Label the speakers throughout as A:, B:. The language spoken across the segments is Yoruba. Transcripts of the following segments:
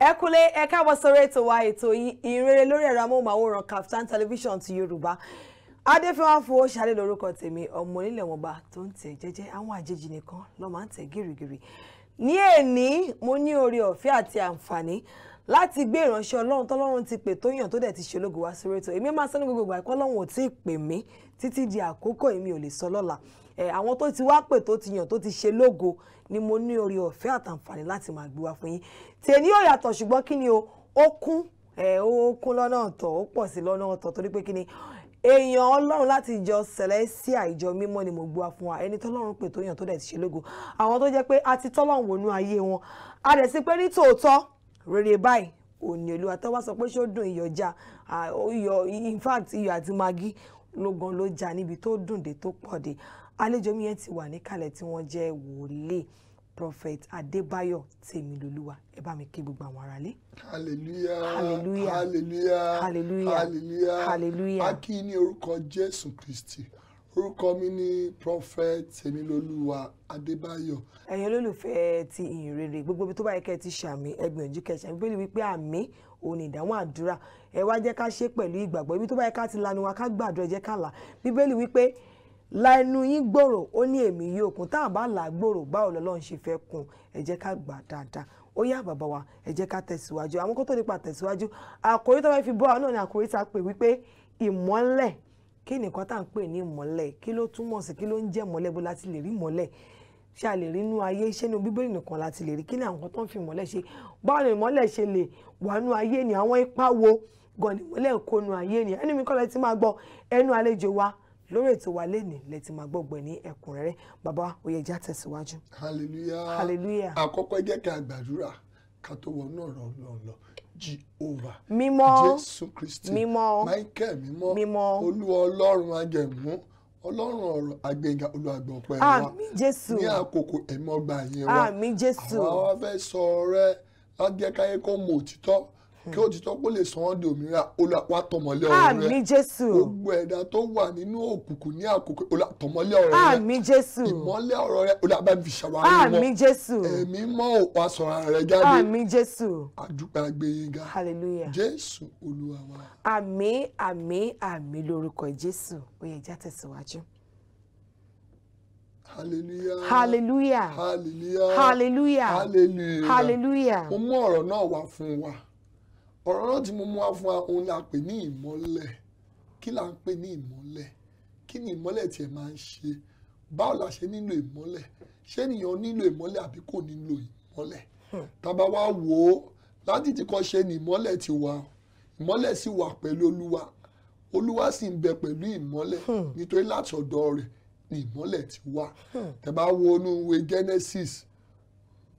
A: ẹ kúlé ẹ káàbọ̀ sórí ètò wa ètò ìrere lórí ẹ̀rọ amóhùnmáwòrán Kaftan television ti yorùbá adéfẹ́wá fowó ṣalé lórúkọ tèmi ọmọ onílẹ̀ wọ̀nba tó ń tẹ̀ jẹ́jẹ́ àwọn àjèjì nìkan ló máa ń tẹ̀ gírígírí ní èní mo ní oore ọ̀fẹ́ àti àǹfààní láti gbé ìránṣẹ́ ọlọ́run tọ́lọ́run ti pè tó yàn tó dẹ̀ ti ṣe ológo wá sórí ètò èmi máa sọ ní gbogbo ìgbà ẹ̀kọ́ ọlọ́run ò tí ì pè mí títí di àkókò èmi ò lè sọ lọ́la àwọn tó ti wá pè tó ti yàn tó ti ṣe lógo ni mo ní orí ọ̀fẹ́ àtàǹfààní láti máa gbé wá fún yín tèmi ò yàtọ̀ ṣùgbọ́n kí ni o ó kún ó kún lọ́nà ọ̀tọ̀ ó pọ̀ sí lọ́nà ọ̀tọ̀ torí pé kí ni èèyàn ọlọ́run láti ìjọ celestia ìjọ mímọ́ ni mo gbọ́ fún wa ẹni tọ́lọ́run pè tó yàn tó dẹ̀ ti ṣe lógo àwọn tó jẹ́ pé a ti tọ́lọ́run wọnú ayé wọn a dẹ̀ sí pé ní tòótọ́ rere báyìí òní olúwa tó wá sọ pé ṣó dùn iyọ̀ já iyọ̀ in fact iyọ̀ àti magi ló gan ló já níbi tó dùn dé tó pọ̀ dé àlejò mi yẹn ti wà níkàlẹ̀ tí wọ́n jẹ́ wòlíì prophet adébáyọ̀ tèmilolúwa ẹ bá mi kí gbogbo àwọn ará lé.
B: hallelujah hallelujah hallelujah hallelujah hallelujah a kí ní orúkọ jésù kristi orúkọ mi ni prophet Tèmilolúwa
A: Adébáyọ̀. ẹ̀yin olólùfẹ́ ti ìhìnrere gbogbo ibi tó bá kẹ́ ẹ ti ṣàmì ẹgbìyànjú kẹ́ ẹ ṣàmì bíbélì wípé àmì òun ni ìdáhùn àdúrà ẹ wá jẹ́ ká ṣe pẹ̀lú ìgbàgbọ́ ibi tó bá ká ti lanu wa ká gbàdúrà jẹ́ ká là bíbélì wípé la ẹnu yín gbòòrò ó ní èmi yóò kún tá à bá là á gbòòrò báwo lọ́lọ́run ṣe fẹ́ kún ẹ jẹ́ ká gbà dáadáa ó yá bàbá wa ẹ jẹ́ ká tẹ̀síwájú àwọn kó tó nípa tẹ̀síwájú àkòrí tó fẹ́ fi bọ́ àwọn náà ni àkòrí tá pè wípé ìmọ́lẹ̀ kí nìkan tá à ń pè ní ìmọ́lẹ̀ kí ló túmọ̀ sí kí ló ń jẹ́ ìmọ́lẹ̀ bó láti lè rí ìmọ́lẹ̀ ṣé a lè rí inú ayé ṣé inú bíbélì nìkan láti lè rí kí ni àwọn tó ń fi ìmọ́lẹ̀ ṣe báwo ni ìmọ́lẹ̀ ṣe lè wà nú ayé ni àwọn ipa wo gan ni ìmọ́lẹ̀ kó nú ayé ni ẹni mi kọ́ lẹ ti máa gbọ́ ẹnu àlejò wa lórí ètò wa lẹ́nìí lẹ ti máa gbọ́ gbẹ̀ ní ẹ̀kúnrẹ́rẹ́ bàbá oyèjà tẹ̀síwájú.
B: hallelujah hallelujah àkọ́kọ́ jẹ́ kí gbàdúrà ká tó wọnú ọ̀rọ̀ ọlọ́run Jehovah. Mímọ́. Jésù Kristi. Mímọ́. Michael mímọ́. Mímọ́. Olúwa Ọlọ́run ajẹ̀mú ọlọ́run ọ̀rọ̀ àgbẹ̀ngà olùwàgbọ̀ pẹ̀lú wa ní àkókò ẹ̀mí ọgbà yẹn wa àmín Jésù àwa rẹ wá jẹ́ káyé kó mọ òtítọ́ kí òtítọ́ kó lè sọ wọ́n di òmìnira Olúwa wá tọmọlé ọ̀rọ̀ rẹ àmín Jésù gbogbo ẹ̀dá tó wà nínú òkùnkùn ní àkókò Olúwa tọmọlé ọ̀rọ̀ rẹ àmín Jésù ìmọ́lẹ̀ ọ̀rọ̀ rẹ Olúwa bá fi Jésù ẹ̀mí mọ́ wá sọ̀rọ̀ rẹ jáde àmín Jésù àdúgbò
A: àgbéyéga hallelujah Jésù Olúwa wa. àmín àmín àmín lórúkọ Jésù ó já tẹ̀síwájú.
B: Hallelujah. Hallelujah. Hallelujah. Hallelujah. Hallelujah. Mo mú ọ̀rọ̀ náà wá fún wa ọ̀rọ̀ náà tí mo mú wá fún wa òun la pè ní ìmọ́lẹ̀ kí la ń pè ní ìmọ́lẹ̀ kí ni ìmọ́lẹ̀ tiẹ̀ máa ń ṣe báwo la ṣe nílò ìmọ́lẹ̀ ṣé ènìyàn nílò ìmọ́lẹ̀ àbí kò nílò ìmọ́lẹ̀ hmm. tàbá wa wò ó láti ti kọ́ ṣe ni ìmọ́lẹ̀ ti wà ìmọ́lẹ̀ sì wà pẹ̀lú olúwa olúwa sì ń bẹ pẹ̀lú ìmọ́lẹ̀ hmm. nítorí láti ọ̀dọ̀ rẹ̀ ni ìmọ́lẹ̀ ti wà hmm. tẹ́ wo inú ìwé Genesis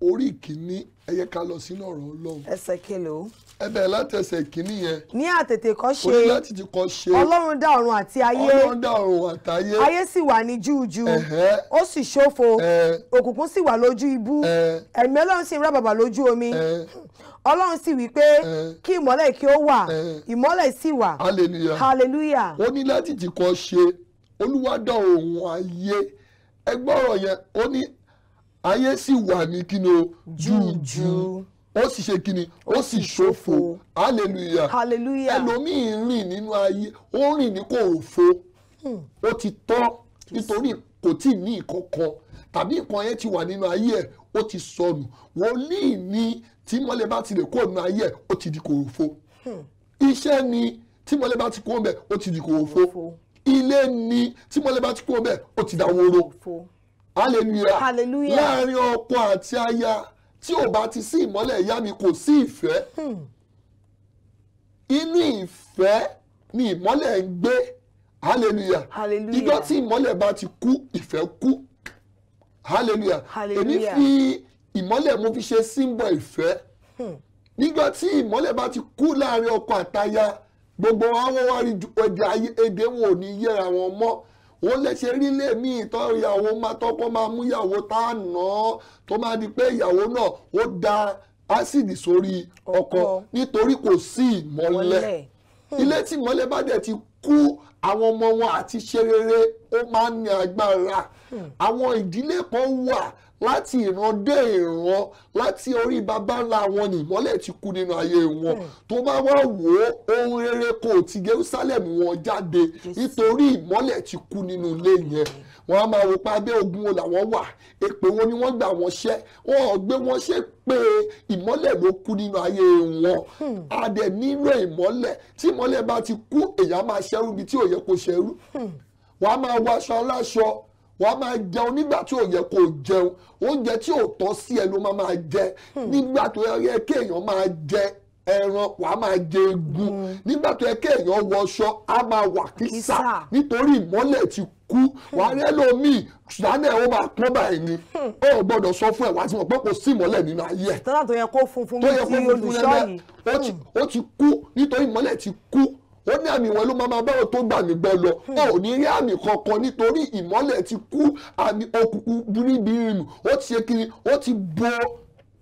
B: orí kìíní ẹ yẹ ká lọ sínú ọ̀rọ̀ Ọlọ́run. ẹsẹ̀ kìlọ̀. ẹ bẹ̀rẹ̀ láti ẹsẹ̀ kìíní yẹn. ní àtètè kọ́ ṣe. orí láti ti kọ́ ṣe. Ọlọ́run
A: dá ọ̀run àti ayé. Ọlọ́run
B: dá ọ̀run àtayé. ayé
A: sì wà ní júùjù. ó sì ṣófo. òkùnkùn sì wà lójú ibú. ẹ̀mí Ọlọ́run sì ń rábàbà lójú omi. Ọlọ́run sì wí
B: pé kí ìmọ́lẹ̀ kí ó wà. ìmọ́lẹ̀ sì wà. hallelujah. hallelujah. ó ní láti ti kọ́ ṣe olúwa dá ọ̀run ayé ẹgbọ́rọ̀ yẹn ayé sì wà ní kíni o jújú ó sì ṣe kíni ó sì ṣòfò hallelujah hallelujah ẹlòmíì ń rìn nínú ayé ó rìn ní kò òfo hmm. ó ti tọ́ nítorí kò tí ì ní ìkọ̀kan tàbí nǹkan yẹn ti wà nínú ayé ẹ̀ ó ti sọnù wòlíì ni tí mọ́lẹ̀ bá ti lè kó nínú ayé ẹ̀ ó ti di kò òfo hmm. iṣẹ́ ni tí mọ́lẹ̀ bá ti kó bẹ́ẹ̀ ó ti di kò òfo ilé ni tí mọ́lẹ̀ bá ti kó bẹ́ẹ̀ ó ti dà wóró hallelujah láàrin ọkọ àti aya tí ò bá ti sí ìmọ́lẹ̀ ìyá mi kò sí ìfẹ́ hmm. inú ìfẹ́ ni ìmọ́lẹ̀ ń gbé hallelujah ìjọ́ tí ìmọ́lẹ̀ bá ti kú ìfẹ́ kú hallelujah èmi fi ìmọ́lẹ̀ mo fi ṣe symbol ìfẹ́ hmm. nígbà tí ìmọ́lẹ̀ bá ti kú láàrin ọkọ àtaya gbogbo àwọn wá rí èdè wọn ò ní yẹra wọn mọ́ ó lẹ́sẹ̀ rílé mi ìtọ́ ìyàwó ma tọ́kọ́ máa mú ìyàwó tá a nà án tó máa di pé ìyàwó náà ó da ásìdì sórí ọkọ nítorí kò sí ìmọ́lẹ̀ hmm. ilé tí ìmọ́lẹ̀ bá dẹ̀ ti kú àwọn ọmọ wọn àti ṣe rere ó máa ń ní agbára hmm. àwọn ìdílé kan wà láti ìran dé ìran láti orí baba ńlá wọn ni ìmọ́lẹ̀ ti kú nínú ayé wọn hmm. tó bá wá wò ó ohun rere kò ti Jerusalem wọn jáde nítorí ìmọ́lẹ̀ ti kú nínú ilé yẹn wọn á máa wò pa abẹ́ ogun wo làwọn wà èpè wo ni wọ́n gbà wọ́n ṣẹ́ wọn ò gbé wọ́n ṣe pé ìmọ́lẹ̀ ló kú nínú ayé wọn hmm. a dẹ̀ nílò ìmọ́lẹ̀ tí ìmọ́lẹ̀ bá ti kú èèyàn máa ṣẹ́rú ibi tí ò yẹ kó ṣẹ́rú hmm. wọn á máa wọ aṣọ aláṣọ wàá máa jẹun nígbà tí ò yẹ kó jẹun oúnjẹ tí ò tọ́ sí ẹ ló máa máa jẹ hmm. nígbà tó yẹ kéèyàn máa jẹ ẹran wàá máa jẹ egun hmm. nígbà tó yẹ kéèyàn wọṣọ á máa wà kísà nítorí ìmọ́lẹ̀ ti kú hmm. wàá rẹ́ lómi ṣùgbọ́n ó máa pọ́n báyìí ni ó gbọ́dọ̀ sọ fún ẹ̀ wá sí wọn pé kò sí ìmọ́lẹ̀ nínú ayé ẹ̀.
A: tọ́lá tó yẹ kó funfun bí ti olùṣọ́
B: yìí. ó ti kú nítorí ìmọ́lẹ̀ ti kú ó ní àmì wọn ló máa máa báwọn tó gbà mí gbọ́ lọ hmm. ó ní rí àmì kankan nítorí ìmọ́lẹ̀ ti kú àmì òkùnkùn bíríbíìmù ó ti ṣe kiri ó ti bo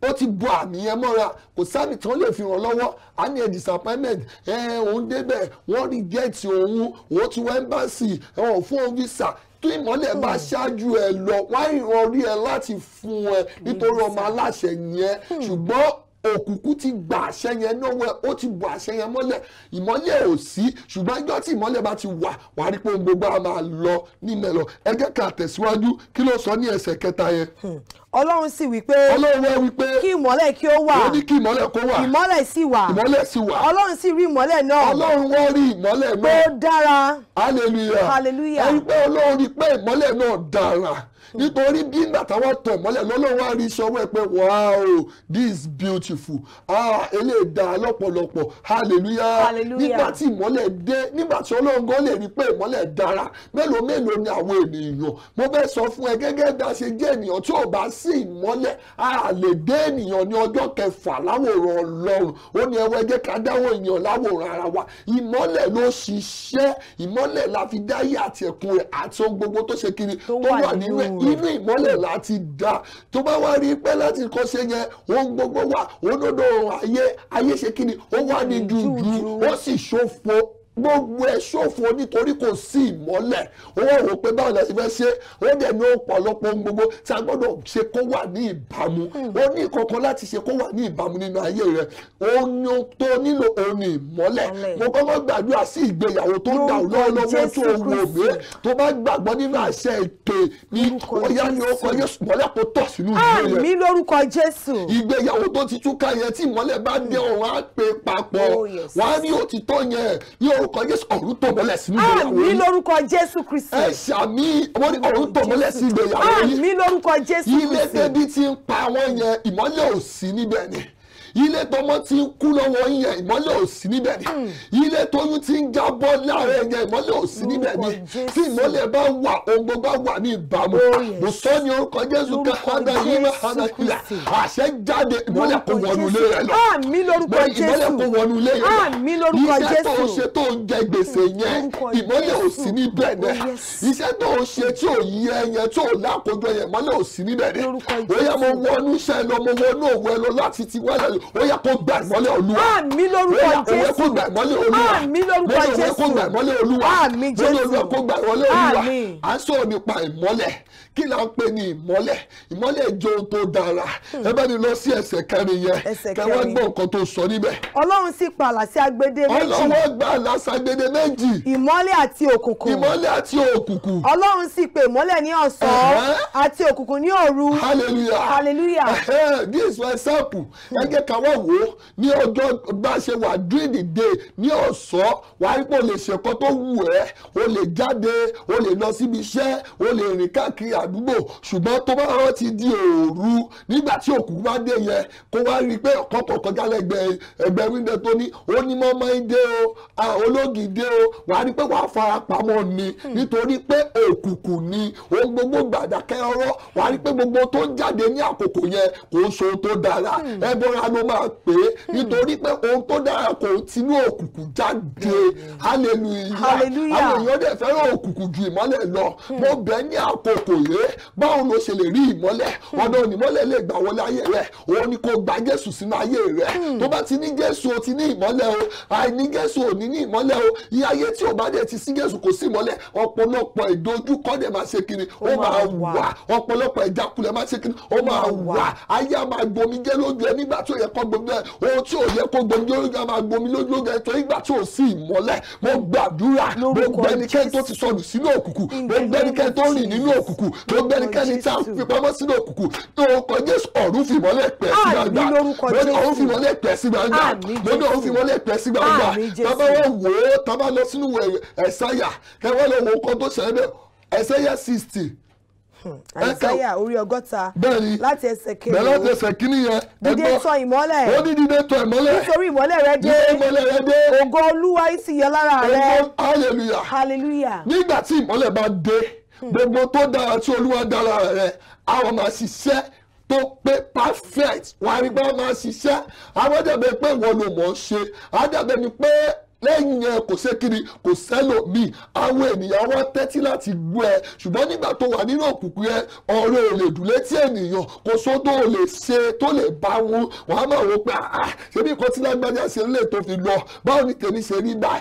B: ó ti bo àmì yẹn mọ́ra kò sáàmì tán lè fi ràn lọ́wọ́ á ní ẹ disappointment ẹ òun débẹ̀ wọ́n reject òun òun ti wá ẹ́mbáàsì ẹ̀wọ̀n fún òun visa tó ìmọ́lẹ̀ bá hmm. ṣáájú ẹ lọ wá ìrọ̀rí ẹ láti fún ẹ nítorí hmm. ọmọ aláṣẹ yẹn ṣùgbọ́n òkùnkùn ti gba àṣẹ yẹn lọ́wọ́ ó ti bu àṣẹ yẹn mọ́lẹ̀ ìmọ́lẹ̀ ò sí ṣùgbọ́n ẹjọ́ tí ìmọ́lẹ̀ bá ti wà wà á rí pé ohun gbogbo á máa lọ nímẹ̀ lọ ẹgẹ́ ká tẹ̀síwájú kí ló sọ ní ẹsẹ̀ kẹta yẹn. Hmm. ọlọ́run sì wí pé ọlọ́run wá wí pé kí ìmọ́lẹ̀ kí ó wà ó ní kí ìmọ́lẹ̀ kó wà ìmọ́lẹ̀ sì wà ìmọ́lẹ̀ sì wà ọlọ́run sì rí ìmọ́lẹ̀ náà ọlọ́run wá rí ìmọ́lẹ̀ náà ó dára hallelujah hallelujah ẹ rí pé ọlọ́run rí pé ìmọ́lẹ̀ náà dára nítorí bí ìgbà táwọn tọ̀ mọ́lẹ̀ lọ́lọ́wọ́ á rí sọ́wọ́ ẹ pé wow this beautiful ah eléyìí dá lọ́pọ̀lọpọ̀ hallelujah nígbà tí ìmọ́lẹ̀ dé nígbà tí ọlọ́run gan lè rí pé ìmọ́lẹ̀ dára mélòó mélòó ni àwọn ènìyàn mo fẹ́ sọ fún ẹ gẹ́gẹ́ bí a ṣe jẹ́ ènìyàn tí ò bá sí ìmọ́lẹ̀ a lè dé ènìyàn ní ọjọ́ kẹfà láwòrán ọlọ́run ó ní ẹwọ́ ẹgẹ́ ká dáwọ́ ènìyàn láwòrán ara wa ìmọ́lẹ̀ ló ṣiṣẹ́ ìmọ́lẹ̀ la fi dáyé àti ẹ̀kún rẹ̀ àti ohun gbogbo tó ṣe kiri tó wà nínú ẹ̀ inú ìmọ́lẹ̀ láti dá tó bá wá rí pẹ́ láti kọ́ ṣe yẹn òun gbogbo wà òun dòdò ayé ayé ṣe kí ni ó wà ní jùjú ó sì ṣòfò gbogbo ẹ ṣòfò nítorí kò sí ìmọ́lẹ̀ ó wà wò pé báwo la ṣe fẹ́ ṣe ó dẹ̀ ní ọ̀pọ̀lọpọ̀ ohun gbogbo tí a gbọ́dọ̀ ṣe kó wà ní ìbámu hmm. ó ní kankan láti ṣe kó wà ní ìbámu nínú ayé rẹ ohun tó nílò òun ní ìmọ́lẹ̀ mo kọ́kọ́ gbàdúrà sí ìgbéyàwó tó ń dà lọ́wọ́lọ́wọ́ tó wò mí tó bá gbàgbọ́ nínú àṣẹ ìpè ní ọ̀yá ni ó kọ Jésù mọ́lẹ̀ kó tọ̀ sínú ìgbéyàwó yẹn. àmì
A: lórúkọ Jésù.
B: ìgbéyàwó tó ti túká yẹn tí ìmọ́lẹ̀ bá dé hmm. ọ̀run lórúkọ jésù ọ̀run tó mọ́lẹ̀ sínú ah, ìgbéyàwó yìí. àmì lórúkọ jésù kristi. ẹ ṣàmì wọ́n ní ọ̀run tó mọ́lẹ̀ sínú ìgbéyàwó ah, yìí. àmì lórúkọ jésù kristi. ilé débi ti ń pa wọ́n yẹn ìmọ́lẹ̀ ò níbẹ̀ ni ilé tọmọ ti ń kú lọ́wọ́ yẹn ìmọ́lẹ̀ ò sí níbẹ̀ ni hmm. ilé tóyún ti ń jábọ́ láàárẹ̀ yẹn ìmọ́lẹ̀ ò sí níbẹ̀ ni tí ìmọ́lẹ̀ bá wà ohun gbogbo á wà ní ìbámu oh, mo sọ ní orúkọ Jésù kẹfàdà yìí má hànà kúlà àṣẹ jáde ìmọ́lẹ̀ kò wọnú ilé rẹ lọ ìmọ́lẹ̀ kò wọnú ilé rẹ lọ iṣẹ́ tó o ṣe tó ń jẹ gbèsè yẹn ìmọ́lẹ̀ ò sí níbẹ̀ ni oh, iṣẹ́ tó o ṣe tí ò yẹ yẹn tó o lákòjọ yẹn ìmọ́lẹ̀ ò sí níbẹ̀ ni ó yẹ mo wọnú iṣẹ́ lọ mo wọnú òwe lọ láti ti wálẹ̀ ó yẹ kó gbà ìmọ́lẹ̀ olúwa. àmì lórúkọ jésù ó yẹ kó gbà ìmọ́lẹ̀ olúwa. àmì lórúkọ jésù ó yẹ kó gbà ìmọ́lẹ̀ olúwa. àmì jésù àmì. à ń sọ̀rọ̀ nípa ìmọ́lẹ̀ kí là ń pè ní ìmọ́lẹ̀ ìmọ́lẹ̀ jẹ́ ohun tó dára hmm. ẹ bá ní lọ sí ẹsẹ̀ kẹrin yẹn kẹwàá gbọ́ nǹkan tó sọ níbẹ̀.
A: ọlọ́run sì pa àlà sí agbede méjì ọlọ́run
B: gba àlà sí agbede méjì. ìmọ́lẹ̀ àti òkùnkùn
A: ìmọ́lẹ̀ àti òkùnkùn. ọlọ́run sì pe ìmọ́lẹ̀ ní ọ̀sán uh-huh. àti òkùnkùn ní òru.
B: hallelujah hallelujah. Uh-huh. this is my example ẹgbẹ́ kan wá wò ó ní ọjọ́ bá ṣe wà during the day ní ọ̀sán wàá rí pé o lè ṣèkọ́ o lè jáde o lè lọ síbi o lè rìn káàkiri àdúgbò ṣùgbọ́n tó bá rántí di òru nígbà tí òkú bá dé yẹn kó wá rí i pé ọ̀kọ́kọ̀ kọjá lẹ́gbẹ̀ẹ́ ẹgbẹ́ wíńdẹ tó ní onímọ̀mọ́ dé o olóògì dé o wà á rí i pé wàá fara pamọ́ ni hmm. nítorí pé òkùnkùn ni ohun gbogbo gbàdákẹ́ ọ̀rọ̀ wà á rí i pé gbogbo tó ń jáde ní àkókò yẹn kò ń so tó dára hmm. ẹbọra ló máa pè é hmm. nítorí pé ohun tó dára kò tinú òkùnkùn jáde hallelujah àwọn èèyàn dẹ̀ fẹ́ràn òkùnkùn ju ìmọ́lẹ̀ lọ mo bẹ̀ ní àkókò rèé báwo ló ṣe lè rí ìmọ́lẹ̀ hmm. ọ̀nà ìmọ́lẹ̀ lè gbà wọlé ayé rẹ̀ òun ni kò gba jésù sínú ayé rẹ̀ hmm. tó bá ti ní jésù o ti ní ìmọ́lẹ̀ o àìní jésù ò ní ní ìmọ́lẹ̀ o iye ayé tí ò bá dẹ̀ ti sí jésù kò sí ìmọ́lẹ̀ ọ̀pọ̀lọpọ̀ ìdojúkọ dẹ̀ máa ṣe kiri ó máa wà ọ̀pọ̀lọpọ̀ ìjákulẹ̀ máa ṣe kiri ó máa wà ayé a máa gbomi jẹ́ lójú ẹ nígbà tí ò yẹ kó gbomi jẹ́ ohun tí ò yẹ kó gbomi lójú ẹ máa gbomi lójú ẹ tó nígbà tí ò sí ìmọ́lẹ̀ mo gbàdúrà mo gbẹnikẹ́ni tó ti sọnù sínú òkùnkùn mo gbẹnikẹ́ni tó rìn nínú òkùnkùn tó gbẹ́nikẹ́ni tá a fi pamọ́ sínú òkùnkùn lórúkọ Jésù ọ̀run fìmọ́lẹ̀ pẹ̀ sí gbangba lórí ọ̀run fìmọ́lẹ̀ pẹ̀ sí gbangba lórí ọ̀run fìmọ́lẹ̀ pẹ̀ sí gbangba bàbá wọn wò ó tàbá lọ sínú ẹ̀sáyà kẹwàá lọ wò ó kọ́ tó ṣẹlẹ̀ ẹ̀sáyà sixty hmm,
A: àìsáyà orí ọgọ́ta
B: láti ẹsẹ̀ kejì bẹ́ẹ̀ láti ẹsẹ̀ kìíní yẹn dídé
A: ó ní dídé tọ ìmọ́lẹ̀ nítorí ìmọ́lẹ̀ rẹ dé ìmọ́lẹ̀ rẹ dé
B: ògo olúwa yìí sì yọ lára rẹ hallelujah
A: hallelujah
B: nígbà tí ìmọ́lẹ̀ bá dé gbogbo tó dára tí olúwa dára rẹ̀ àwọn máa ṣiṣẹ́ tó pé perfect wàá rí bá máa ṣiṣẹ́ àwọn dàbẹ̀ pé wọ́n ló mọ̀ ọ́ ṣe àdàbẹ̀ ni pé lẹ́yìn yẹn kò ṣe kiri kò sẹ́lòmíì àwọn ènìyàn wá tẹ́tí láti gbọ́ ẹ ṣùgbọ́n nígbà tó wà nínú òkùnkùn yẹn ọ̀rọ̀ ò lè dùn létí ènìyàn kò sódò ò lè ṣe tó lè bá wọn wàá máa wọ pé àá ṣebí nǹkan tí lágbájá ṣe lè tó fi lọ báwo ni tèmi ṣe rí bá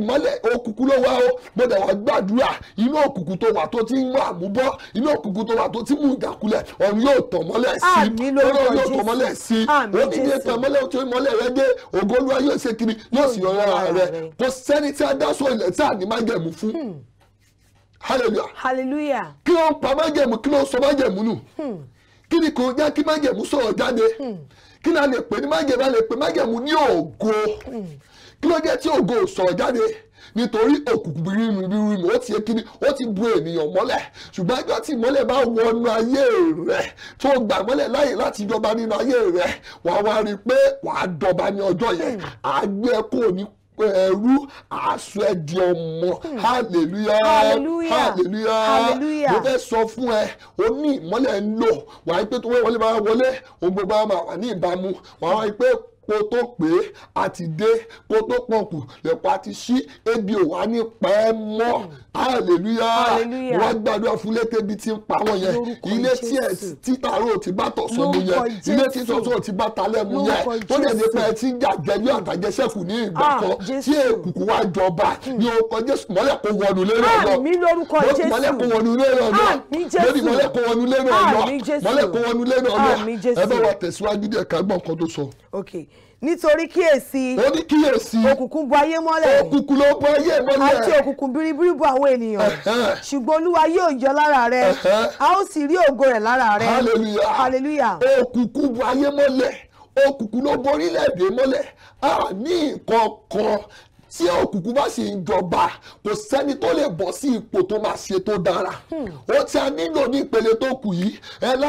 B: ìmọ́lẹ̀ òkùnkùn ló wá o gbọ́dọ̀ wá gbàdúrà inú òkùnkùn tó wà tó ti ń mú àmúbọ́ inú òkùnkùn tó wà tó ti mú ìdàkulẹ̀ ọ̀run yóò tàn mọ́lẹ̀ sí i ọ̀run yóò tàn mọ́lẹ̀ sí i ó ní ilé tàn mọ́lẹ̀ tó mọ́lẹ̀ rẹ dé ògo Olúwa yóò ṣe kiri yóò sì yọ lára rẹ kò sẹ́ni tí a dá ilẹ̀ tí a ní májẹ̀mú fún hmm. hallelujah
A: hallelujah
B: kí ló ń pa májẹ̀mú kí ló ń sọ májẹ̀mú nù hmm. kí ni kò jẹ́ kí májẹ̀mú sọ̀rọ̀ jáde hmm. kí ni a lè pè ní májẹ̀mú a lè pè májẹ̀mú ní ògo kí ló jẹ́ tí ògo sọ̀rọ̀ jáde nítorí òkùnkùn rírìmù ó ti yẹ kíni ó ti bu ènìyàn mọ́lẹ̀ ṣùgbọ́n ẹgbẹ́ tí ìmọ́lẹ̀ bá wọnú ayé rẹ tó gbà mọ́lẹ̀ láyè láti jọba nínú ayé rẹ wàá wá rí i pé wàá dọba ní ọjọ́ yẹn àgbẹ̀ ní ẹrú àásù ẹ ọmọ hmm. hallelujah hallelujah hallelujah mo fẹ́ sọ fún ẹ o ní ìmọ́lẹ̀ ń lò wàá pé tó wọlé bá wọlé ohun gbogbo máa wà ní ìbámu wàá wáyé pé kó tó pé a ti dé kó tó pọ̀kù lẹ́pọ̀ a ti ṣí ebi ò wá ní pẹ́ mọ́ hallelujah hallelujah wọ́n gbàdúrà fún létè bí ti ń pa wọ́n yẹn ilé tí ẹ̀ títàró ti bá tọ̀ sọ́mu yẹn ilé tí tọ́sọ́ ti bá ta lẹ́mu yẹn tó lè ní pẹ́ tí jàjẹ́jú àtàjẹsẹ́kù ní ìgbà ah, kan tí èkùkù wá jọba hmm. ní orúkọ Jésù mọ́lẹ̀ kó wọnú lérò lọ ah, mọ́lẹ̀ kó wọnú lérò lọ lórí mọ́lẹ̀ kó wọnú lérò lọ ah, mọ́lẹ̀ kó wọnú lérò lọ ẹ bá wa
A: tẹ̀síwájú díẹ̀ ká gbọ́ nǹkan tó sọ. okay nítorí kíyèsí ó ní kíyèsí òkùnkùn bo ayé mọ́lẹ̀ òkùnkùn ló bo ayé mọ́lẹ̀ àti òkùnkùn biribiri bo àwọn ènìyàn ṣùgbọ́n olúwa yóò yọ lára rẹ a ó sì rí ògo rẹ̀ lára rẹ
B: hallelujah òkùnkùn bo ayé mọ́lẹ̀ òkùnkùn ló bo orílẹ̀-èdè mọ́lẹ̀ a ní nǹkan kan tí òkùnkùn bá sì ń jọba kò sẹ́ni tó lè bọ́ sí ipò tó máa ṣe tó dára hmm. ó ti nílò ní ìpele tó kù yìí ẹ ló lè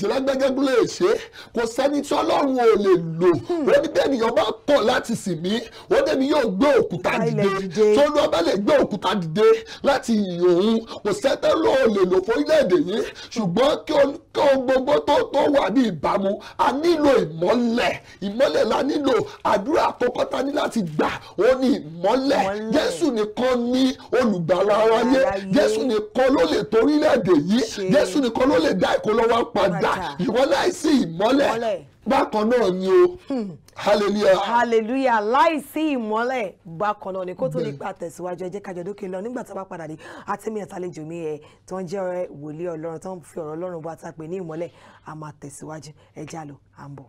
B: ṣe lágbẹ́gẹ́ ló lè ṣe kò sẹ́ni tí ọlọ́run ò lè lò hmm. ó ní bẹ́ẹ̀ nìyẹn bá kọ̀ láti sìn mí ó dẹ̀mí yóò gbé òkúta dìde tó ló bá lè gbé òkúta dìde láti yìn òun kò sẹ́tẹ́ ló lè lò fún orílẹ̀-èdè yìí ṣùgbọ́n kí ohun gbogbo tó tó wà ní ìbámu a nílò ìmọ́lẹ̀ ìmọ́lẹ̀ la nílò àdúrà àkọ́kọ́ ta ní láti gbà ó ní ìmọ́lẹ̀ jésù nìkan ni olùgbàlà aráyé jésù nìkan ló lè torílẹ̀-èdè yìí jésù nìkan ló lè dá ìkó lọ́wọ́ padà ìwọ láìsí ìmọ́lẹ̀ bákan náà ni o hmm. hallelujah
A: hallelujah láìsí ìmọ́lẹ̀ bákan náà ni kó tó nípa tẹ̀síwájú ẹ jẹ́ ká jọ dókè lọ nígbà tó bá padà dé àtẹ̀mí àtàlejò mi ẹ̀ tó ń jẹ́ ọ̀rẹ́ wòlíì ọlọ́run tó ń fi ọ̀rọ̀ ọlọ́run bá ta pè ní ìmọ́lẹ̀ a máa tẹ̀síwájú ẹ à ń bọ̀.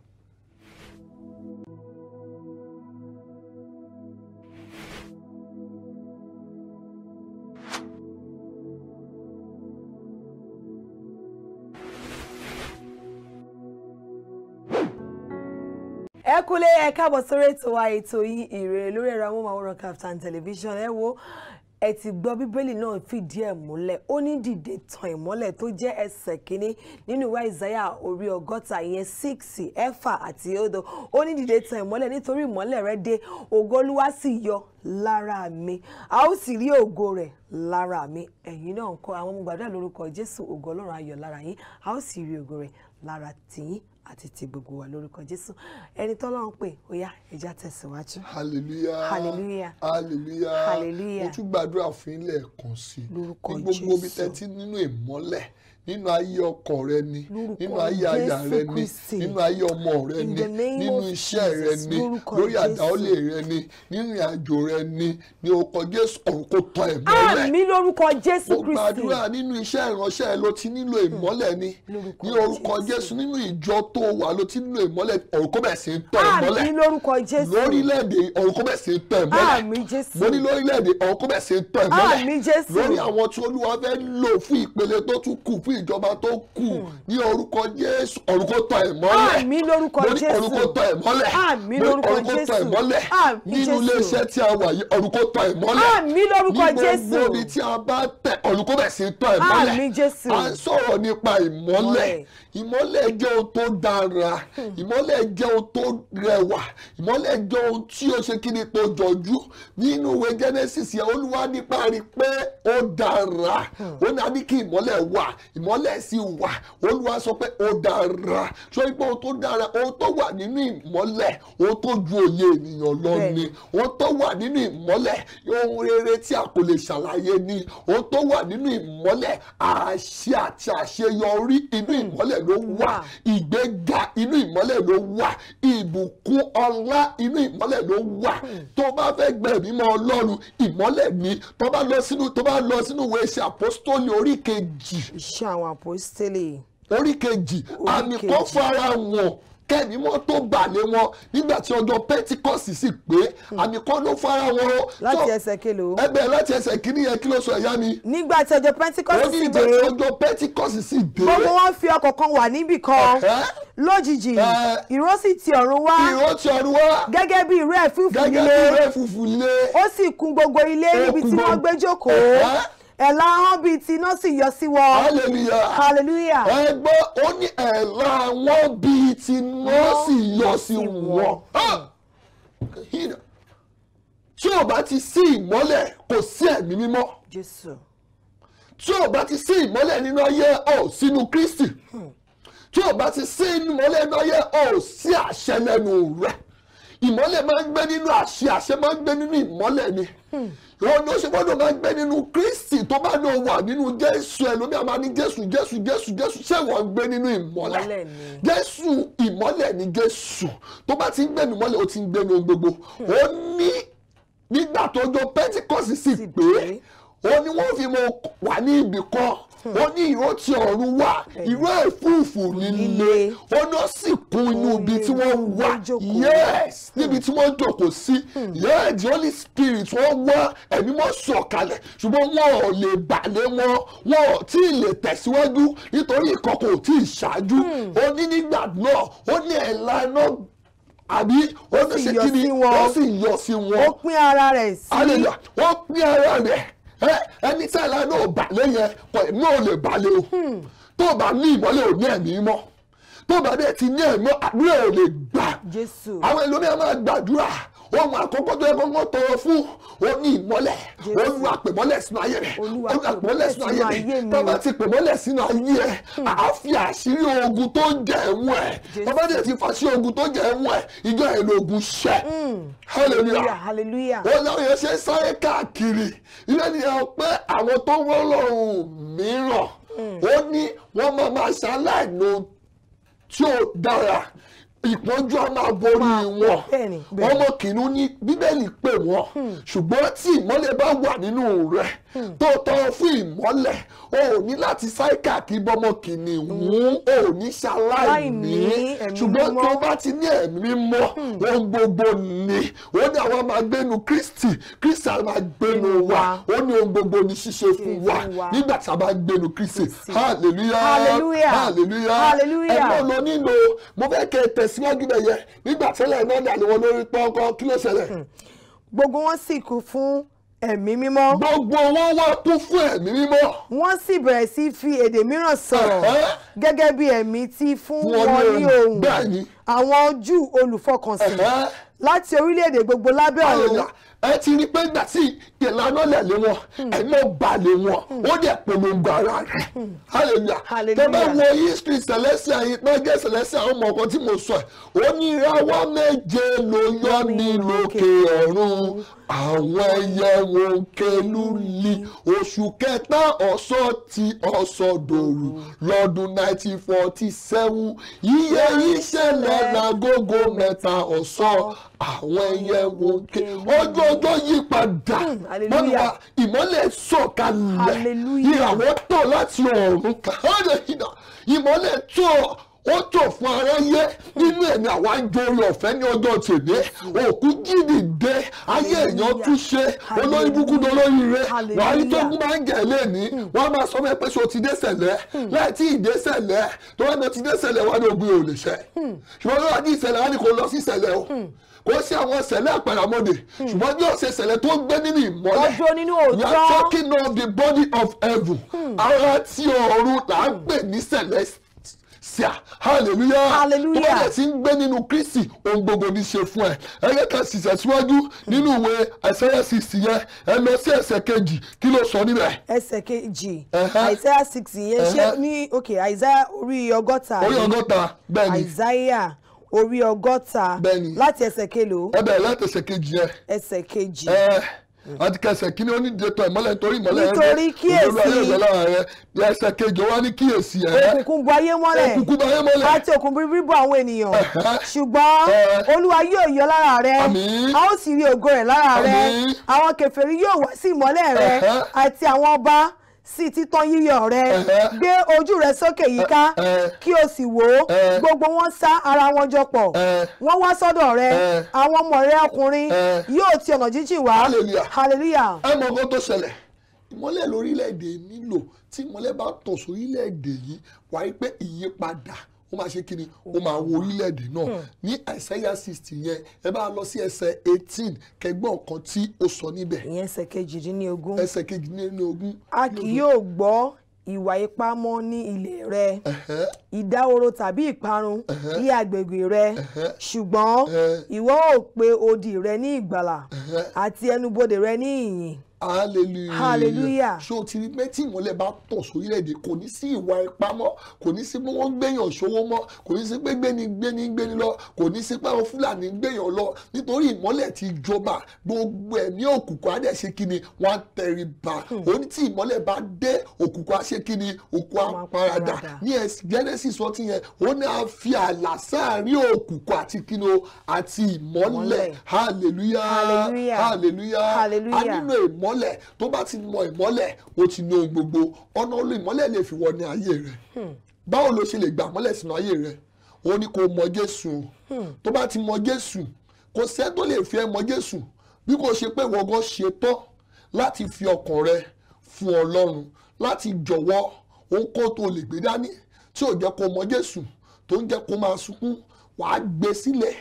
A: ẹ kúlé ẹ káàbọ̀ sórí ètò wa ètò yìí ìrèrè lórí ẹ̀rọ amóhùnmáwòrán Kaftan television ẹ wo ẹ ti gbọ́ bíbélì náà fìdí ẹ̀ múlẹ̀ ó ní dìde tàn ìmọ́lẹ̀ tó jẹ́ ẹsẹ̀ kínní nínú ìwé Àìsáyà orí ọgọ́ta ìyẹn síìsì ẹ̀fà àti òdo ó ní dìde tàn ìmọ́lẹ̀ nítorí ìmọ́lẹ̀ rẹ dé ògo Olúwa sì yọ lára mi a ó sì rí ògo rẹ̀ lára mi ẹ̀yin náà ń kọ́ àwọn ọmọ gbàdúrà lórúkọ Jésù ògo Ọlọ́run á lára yín a ó sì rí ògo rẹ̀ lára tìyín àti ti gbogbo wa lórúkọ jésù ẹni tọ́lọ́run pè ó yá ẹja
B: tẹ̀síwájú. hallelujah hallelujah hallelujah hallelujah mo tún gbàdúrà fún ilé ẹ̀kan sí i ní gbogbo ibi tẹ́tí nínú ìmọ́lẹ̀ nínú ayé ọkọ rẹ ni nínú ayé aya rẹ ni nínú ayé ọmọ rẹ ni nínú iṣẹ́ rẹ ni lórí àdáwọlé rẹ ni nínú ìrìnàjò rẹ ni ní orúkọ Jésù kò tàn ẹ̀ mọ́lẹ̀. àmì lórúkọ Jésù Kristi. mo gbàdúrà nínú iṣẹ́ ìránṣẹ́ ló ti nílò ìmọ́lẹ̀ ni hmm, ní orúkọ Jésù nínú ìjọ tó wà ló ti nílò ìmọ́lẹ̀ ọ̀run kò bẹ̀ sí tàn ẹ̀ àmì lórúkọ Jésù. lórílẹ̀‐èdè ọ̀run kò bẹ̀ sí tàn àmì Jésù. mo ní lórílẹ̀‐èdè ọ̀run kò bẹ̀ sí tàn àmì Jésù. lórí àwọn tí Olúwa fẹ́ lò fún ìpele tó tún kù f fún ìjọba tó kù hmm. ní orúkọ jésù orúkọ tọ ẹ mọ́lẹ̀ àmín lórúkọ jésù orúkọ tọ ẹ mọ́lẹ̀ àmín lórúkọ jésù nínú iléeṣẹ́ tí a wà yìí orúkọ tọ ẹ mọ́lẹ̀ àmín lórúkọ jésù ní gbogbo ibi tí a bá tẹ orúkọ bẹ̀ sí tọ ẹ mọ́lẹ̀ àmín jésù à ń sọ̀rọ̀ nípa ìmọ́lẹ̀ ìmọ́lẹ̀ jẹ́ ohun tó dára hmm. ìmọ́lẹ̀ jẹ́ ohun tó rẹwà ìmọ́lẹ̀ jẹ́ ohun tí ó ṣe kíni tó jọjú nínú ìwé Genesis yẹn olúwa nípa rí pé ó dára hmm. ó náà ní kí ìmọ́lẹ̀ wà ìm ìmọ́lẹ̀ sì wà olúwa sọ pé ó dára sọ pé ó tó dára ó tó wà nínú ìmọ́lẹ̀ ó tó ju òye ènìyàn lọ ni ó tó wà nínú ìmọ́lẹ̀ ohun rere tí a kò lè ṣàlàyé ni ó tó wà nínú ìmọ́lẹ̀ àṣẹ àti àṣeyọrí inú ìmọ́lẹ̀ ló wà ìgbéga inú ìmọ́lẹ̀ ló wà ìbùkún ọlá inú ìmọ́lẹ̀ ló wà hmm. tó bá fẹ́ gbẹ̀mí mọ́ ọlọ́run ìmọ́lẹ̀ ni tó bá lọ sínú tó bá lọ sínú ìwé ìṣe àpọ́sítọ́lì orí kejì àwọn àpòstélè. orí kejì àmì kan fara wọn kẹ́mi mọ́ tó gbà lé wọn nígbà tí ọjọ́ pentikọ́sì sì pé hmm. àmì kan ló fara wọn. láti ẹsẹ̀ kìlò. ẹgbẹ́ láti ẹsẹ̀ kìíní yẹn kí ló sọ ẹ̀yá mi. nígbà tí ọjọ́ pentikọ́sì sì dé. nígbà tí ọjọ́ pentikọ́sì sì dé. gbogbo
A: wọn fi ọkọ̀ kan wà níbì kan lójijì ìró sì ti ọ̀run wá. ìró ti ọ̀run wá. gẹ́gẹ́ bí ìró ẹ̀fúùfù nílé. gẹ́gẹ́ bí ìró ẹ̀fúùfù nílé. ó sì kún gbogbo ilé níbi tí wọ́n gbé jókòó ẹ̀là ahọ́n bíi ti iná sì yọ sí wọn. hallelujah hallelujah. ẹ gbọ́ ó ní
B: ẹ̀là wọn bíi ti iná sì yọ sí wọn. tí ò bá ti sí ìmọ́lẹ̀ kò sí ẹ̀mí mímọ́. jésù tí o bá ti sí ìmọ́lẹ̀ nínú ayé ọ̀ sínú Kristi hmm. tí o bá ti sí ìmọ́lẹ̀ nínú ayé ọ̀ sí àṣẹ lẹ́nu rẹ̀ ìmọ́lẹ̀ máa ń gbé nínú àṣẹ àṣẹ máa ń gbé nínú ìmọ́lẹ̀ ni. Hmm wọn ló ṣe gbọ́dọ̀ máa gbé nínú Kristi tó bá lọ wà nínú Jésù ẹlòmíì àmà ní Jésù Jésù Jésù Jésù ṣé wọn gbé nínú ìmọ́lẹ̀ Jésù ìmọ́lẹ̀ ni Jésù tó bá ti ń gbé ìmọ́lẹ̀ ó ti ń gbé nínú gbogbo ó ní nígbà tó jọ Pentikọ́sì sì pé ó ní wọ́n fi mọ wà ní ibì kan ó hmm. ní ìró ti ọ̀run wá hmm. ìró ẹ̀fúùfù nílé ó ní ó sì kún inú hmm. ibi tí wọ́n wà yes níbi tí wọ́n jókòó sí yes the holy spirit wọ́n wá ẹ̀mí mọ́ sọ̀kalẹ̀ ṣùgbọ́n wọn ò lè balẹ̀ wọn wọn ò tí ì lè tẹ̀síwájú nítorí ìkọ̀kọ̀ ò tí ì ṣáájú ó ní nígbà náà ó ní ẹ̀la náà àbí ó sì ṣe kí ni ó sì yọ sí wọn. ó pín ara rẹ̀ sí. aleluya wọ́n pín ara rẹ̀ ẹni sẹ́la náà balẹ̀ yẹn náà lè balẹ̀ o hmm. tó bá ní ìmọ́lẹ̀ ò ní ẹ̀mí mọ́ tó bá dẹ̀ ti ní ẹ̀mí àdúrà ò lè gbà àwọn ẹlòmíràn máa gbàdúrà ohun àkọ́kọ́ tó yẹ kó wọ́n tọrọ fún òun ní ìmọ́lẹ̀ òun àpèmọ́lẹ̀ sínú ayé rẹ̀ òun àpèmọ́lẹ̀ sínú ayé rẹ̀ bàbá ti pèmọ́lẹ̀ sínú ayé rẹ̀ àáfi hmm. àṣírí ogun tó ń jẹ ẹ̀wọ̀n ẹ̀ bàbá dẹ̀ ti fàṣí ogun tó jẹ ẹ̀wọ̀n ẹ̀ ìjọ ẹ̀ lóògùn ṣẹ hmm. hallelujah wọn làwọn yẹn ṣe sáré káàkiri ilé ni ẹ pé àwọn tó wọ́n lọ́rùn mìíràn hmm. ó ní wọ́n máa máa ṣaláìní tí ó dára ìpọ́njú a máa borí wọn ọmọ kìnnìún ní bíbélì pè wọ́n hmm. ṣùgbọ́n tí ìmọ́lẹ̀ bá wà nínú rẹ̀ Hmm. tó tọ́ fún ìmọ́lẹ̀ o ò ní láti ṣáìkà kí bọ́mọ kìnìún o hmm. ò ní ṣaláìní ṣùgbọ́n tí o bá ti ní ẹ̀mí mímọ́ hmm. ohun gbogbo ni ó ní àwa máa gbénu Kristi Kristi a máa gbénu wa ó ní ohun gbogbo ní ṣíṣe fún wa nígbà tí a bá gbénu Kristi hallelujah hallelujah hallelujah ẹ̀mọ́ ló nílò mo fẹ́ kẹ́ ẹ tẹ̀síwájú bẹ̀yẹ nígbà tẹ́lẹ̀ náà dà ní wọn lórí pọ́ńkọ́ kí ló ṣẹlẹ̀. gbogbo wọn sì kú fún ẹ̀mí mímọ́. gbogbo wọn wá kún fún
A: ẹ̀mí mímọ́. wọ́n sì bẹ̀rẹ̀ sí fi èdè mìíràn sọ̀rọ̀ gẹ́gẹ́ bí ẹ̀mí ti fún wọn ní ohùn àwọn Júù olùfọkànsìn láti orílẹ̀-èdè
B: gbogbo lábẹ́ ọ̀run ẹ ti rí pé gbà sí ìlànà lẹ̀lé wọn hmm. ẹ̀mí balẹ̀ wọn hmm. ó dẹ̀ polongo ara rẹ̀ hmm. hallelujah tẹ bá wo history celestia ìtàgé celestia ọmọ ọkọ tí mo sọ ẹ ó ní ìràwọ̀ méje ló yọ ní lókè ọ̀run àwọn ẹyẹ wọn kẹlú li oṣù kẹta ọ̀sọ́ ti ọ̀sọ́ dòrú lọ́dún nineteen forty seven iye ìṣẹ̀lẹ̀ làgógó mẹ́ta ọ̀sọ́ àwọn ẹyẹ wọn kẹ ọjọ́ ọjọ́ yí padà mọ́nùwá hmm, ìmọ́lẹ̀ sọ̀kalẹ̀ ìràwọ̀ tọ̀ láti ọ̀run kàádé ìdá ìmọ́lẹ̀ tọ̀ ó tọ̀ fún aráyé nínú ẹ̀mí àwa ń jọ orí ọ̀fẹ́ ní ọjọ́ tèmi òkú jíìdì dé ayé èèyàn tún ṣe olórí búkú ní olórí rẹ wàhálì tó kú máa ń gẹ̀ lẹ́ni hmm. wọ́n máa sọ fẹ́ pé ṣe o ti dé sẹ̀lẹ̀ hmm. láì tí ì dé sẹ̀lẹ̀ tó wọ́n ti dé sẹ̀lẹ̀ wọ́n ní ogun ò lè ṣe ṣùgbọ́n lọ́wọ́ ní ìṣẹ̀lẹ̀ wọn ni kò lọ sí ìṣẹ̀lẹ̀ o kò sí àwọn sẹ̀lẹ̀ àpàràmọ́dé hmm. ṣùgbọ́n yóò ṣe sẹ̀lẹ̀ tó gbé nínú ìmọ́lẹ̀ ọjọ́ we are talking of the body of heaven hmm. ara tí ọ̀run là ń gbè ní celeste hallelujah hallelujah tó bá yẹ sí ń gbé nínú kristi ohun gbogbo ní ṣe fún ẹ ẹyẹ kan sì tẹ̀síwájú nínú ìwé Isaiah six yẹn ẹ lọ sí ẹsẹ̀ kejì kí ló sọ níbẹ̀.
A: ẹsẹ̀ kejì Isaiah six yẹn ṣé ní ok Isaiah orí ọgọ́ta orí ọgọ́ta bẹ́ẹ̀ ni Isaiah orí ọgọ́ta láti ẹsẹ̀ kelo. ẹ bẹ̀rẹ̀ láti ẹsẹ̀
B: kejì yẹn. ẹsẹ̀ kejì. ẹ àti kẹsẹ̀ kí ni ó ní dètò ìmọ́lẹ̀ nítorí ìmọ́lẹ̀ rẹ nítorí kíyèsí olúwa yóò yọ lára rẹ bí ẹsẹ̀ kejì wá ní kíyèsí ẹ. òkùnkùn bu ayé mọ́lẹ̀ òkùnkùn bu ayé mọ́lẹ̀ àti
A: òkùnkùn bíbú àwọn ènìyàn ṣùgbọ́n olúwa yóò yọ lára rẹ a ó sì rí ògo rẹ̀ lára rẹ àwọn kèfèrí yóò wá sí ìmọ́lẹ̀ rẹ àti àwọn ọba sí títàn yíyọ rẹ gbé ojú rẹ sókè yíká kí o sì wò ó gbogbo wọn sá ara wọn jọ pọ̀ wọ́n wá sọ́dọ̀ rẹ àwọn ọmọ rẹ ọkùnrin
B: yóò ti ọ̀nà jíjìn wá hallelujah. ẹ mọ ọkọ tó ṣẹlẹ̀ ìmọ́lẹ̀ lórílẹ̀‐èdè nílò tí ìmọ́lẹ̀ bá tàn sórílẹ̀‐èdè yìí wáyé pé ìyípadà ó máa ṣe kíni ó máa wo orílẹ̀-èdè náà hmm. ní àìsẹ́yà sixty yẹn ẹ bá lọ sí ẹsẹ̀ eighteen kẹgbọ́n kan tí ó sọ níbẹ̀. ìyẹn ẹsẹ̀ kejìdínlógún. ẹsẹ̀ kejìdínlógún.
A: a kì yóò gbọ́ ìwà ipá mọ́ ní ilé rẹ ìdáhoro tàbí ìparun ní agbègbè rẹ ṣùgbọ́n ìwọ ò pe odi rẹ
B: ní ìgbàlà àti ẹnubodè rẹ ní ìyìn hallelujah hallelujah so ti rí pé tí ìmọ̀lẹ̀ bá tọ̀ sórílẹ̀-èdè kò ní sí ìwà ipá mọ́ kò ní sí pé wọ́n gbẹ̀yàn ṣòwò mọ́ kò ní sí pé gbéni gbéni gbéni lọ kò ní sí pé àwọn fúlàní gbẹ̀yàn lọ nítorí ìmọ̀lẹ̀ ti jọba gbogbo ẹ̀mí òkùnkùn á dẹ̀ ṣe kíni wọ́n á tẹrí ba òní hmm. tí ìmọ̀lẹ̀ bá dé òkùnkùn á ṣe kíni òkùnkùn á paradà ní Genesis wọ́n ti yẹn ó ní a fi àlà sáàrin òkùnkùn àti kíni o àti ìmọ̀lẹ̀ hallelujah hallelujah hallelujah a nínú ìmọ̀ ìmọ́lẹ̀ tó bá ti mọ ìmọ́lẹ̀ ó ti ní ohun gbogbo ọ̀nà olú ìmọ́lẹ̀ lè fi wọ ní ayé rẹ̀ hmm. báwo ló ṣe lè gbà mọ́lẹ̀ sínú ayé rẹ̀ ó ní kó mọ Jésù hmm. tó bá ti mọ Jésù kò sẹ́ tó lè fi ẹ mọ Jésù bí kò ṣe pé wọ́gán ṣe tán láti fi ọkàn rẹ fún Ọlọ́run láti jọ̀wọ́ ohun kó tó lè gbé dání tí ò jẹ́ kó mọ Jésù tó ń jẹ́ kó máa sunkún wàá gbé sílẹ̀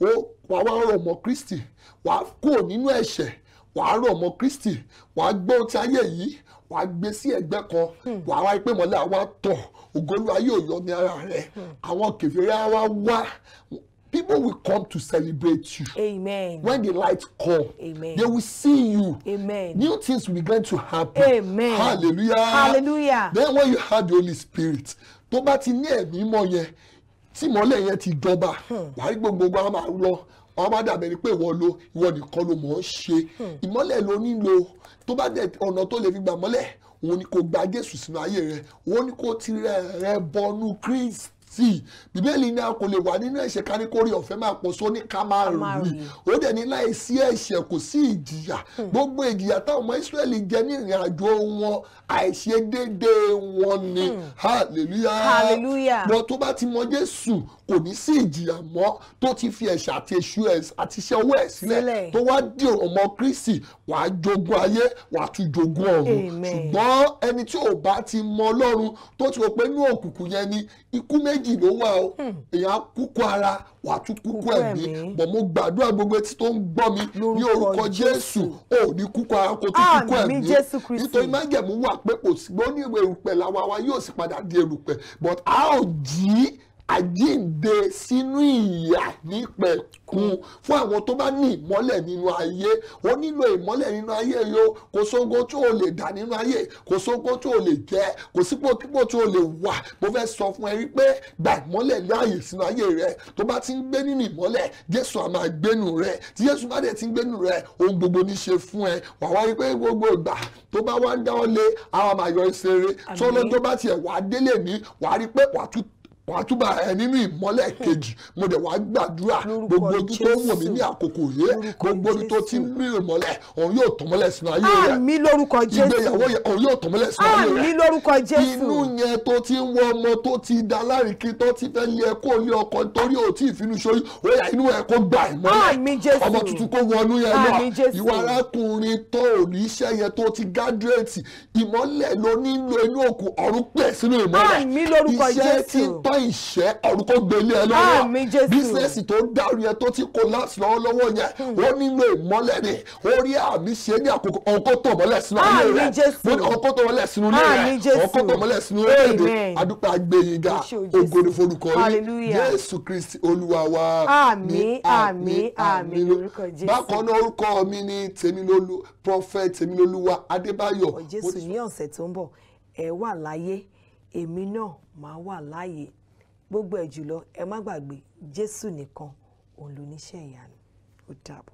B: wàá wá rọ̀ mọ́ Kristi wàá kúrò nínú ẹ̀ṣẹ̀ wàá rọ̀ mọ́ Kristi wàá gbọ́ ti ayé yìí wàá gbé sí ẹgbẹ́ kan hmm. wàá wáyé pé mọ́lẹ́ àwa tọ̀ ògolúwa yóò yọ ní ara rẹ̀ hmm. àwọn kèfèrè àwa wá people will come to celebrate you. Amen. When the light come, Amen. they will see you. Amen. New things will begin to happen. Amen. Hallelujah. Hallelujah. Then when you have the Holy Spirit, tó bá ti ní ẹ̀mí mọ́ yẹn tí mọ́lẹ̀ yẹn ti dọ́ba hmm. wàá rí gbogbo àwọn máa lọ ọmọ dàbẹ̀ ni pé ìwọ lo ìwọ nìkan ló mọ̀ ọ́ ṣe hmm. ìmọ́lẹ̀ ló nílò tó bá dẹ̀ ọ̀nà tó lè fi gbà mọ́lẹ̀ òun ni kò gba Jésù sínú ayé rẹ̀ òun ni kò tirẹ̀ rẹ̀ bọnú Kristi sí i bíbélì ni a kò lè wà nínú ẹ̀ṣẹ̀ ká ní kórè ọ̀fẹ́ máa pọ̀ sóní ká máa rìn ó dẹ̀ ní láì sí kò sí ìjìyà hmm. gbogbo ìjìyà táwọn ọmọ Ísírẹ́lì jẹ ní ìrìn àjò wọn àìṣe déédéé wọn ni hmm. hallelujah bọ́ tó bá ti mọ Jésù kò ní sí ìjìyà mọ́ tó ti fi ẹ̀ṣẹ̀ àti èṣù ẹ̀ àti iṣẹ́ owó ẹ̀ sílẹ̀ tó wá di ọmọ Kristi wàá jogún ayé wàá tún jogún ọ̀run
A: ṣùgbọ́n
B: ẹni tí ò bá ti mọ Ọlọ́run tó ti rò pé inú òkùnkùn yẹn ni ikú méjì méjì ló wà o hmm. èèyàn á kúkú ara wàá tún kúkú ẹ̀mí bọ̀ mo gbàdúrà gbogbo etí tó ń gbọ́ mi ní orúkọ jésù ò ní kúkú ara kó tún kúkú ẹ̀mí nítorí májẹ̀mú wà pé kò sí gbóní èrùpẹ̀ làwọn àwa yóò sì padà di èrùpẹ̀ but a ò jí àjíǹde sínú ìyà nípẹ̀kun hmm. fún àwọn tó bá ní ìmọ́lẹ̀ nínú ayé ó nílò ìmọ́lẹ̀ nínú ayé yó kò sóńgó tó o lè dà nínú ayé kò sóńgó tó o lè jẹ kò sípòkípò tó o lè wà mo fẹ́ sọ fún ẹ rí pé gba ìmọ́lẹ̀ láàyè sínú ayé rẹ tó bá ti ń gbé nínú ìmọ́lẹ̀ Jésù á máa gbénu rẹ tí Jésù bá dẹ̀ ti ń gbénu rẹ ohun gbogbo ní ṣe fún ẹ wà wá rí pé gbogbo ìgbà tó bá wá ń dáwọ́ lé àwọn àmàyọ ìṣeré tó lọ́jọ́ bá tiẹ̀ wà délé ní wà á rí pé wà á tún wàá túbà ẹ nínú ìmọ́lẹ̀ hmm. kejì mo dẹ̀ wàá gbàdúrà gbogbo ojú tó wò mí ní àkókò yé gbogbo ojú tó ti ń rí ìmọ́lẹ̀ òun yóò tàn sínú ayé rẹ àmì lórúkọ jésù ìgbéyàwó yẹn òun yóò tàn sínú ayé rẹ àmì lórúkọ jésù inú yẹn tó ti ń wọ ọmọ tó ti da láríkí tó ti fẹ́ lé ẹkọ́ lé ọkọ nítorí ò tí ì finú sórí òyà inú ọwọ́ ìṣẹ́ ọ̀run kó gbé ilé ẹ lọ́wọ́ bísíǹsì tó dàrú yẹn tó ti collapse lọ́wọ́lọ́wọ́ yẹn hmm. ó nílò ìmọ́lẹ̀ ni ó rí àmì ṣe ní àkókò ọkọ tó mọ́lẹ̀ sínú ayé rẹ ọkọ tó mọ́lẹ̀ sínú ilé rẹ ọkọ tó mọ́lẹ̀ sínú orílẹ̀-èdè adúpẹ́ agbẹ̀yìnga ògo ni forúkọ yìí Jésù Kristi Olúwa wa àmín àmín àmín
A: lórúkọ Jésù bákan
B: náà orúkọ mi ni Tèmilolú Prophet Tèmilolúwa Adébáyọ̀. Jésù ní ọ̀sẹ̀
A: tó ń bọ̀ ẹ wà láyé èmi náà máa wà láyé gbogbo ẹ̀ jùlọ ẹ má gbàgbé Jésù nìkan òun ló níṣẹ́ ìyanu ó dàbọ̀.